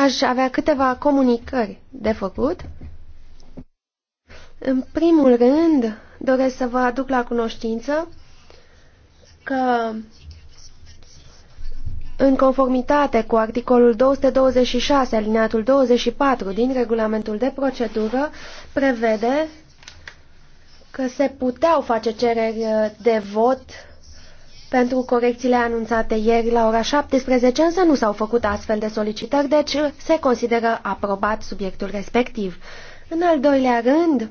Aș avea câteva comunicări de făcut. În primul rând, doresc să vă aduc la cunoștință că în conformitate cu articolul 226 alineatul 24 din regulamentul de procedură, prevede că se puteau face cereri de vot pentru corecțiile anunțate ieri la ora 17, însă nu s-au făcut astfel de solicitări, deci se consideră aprobat subiectul respectiv. În al doilea rând,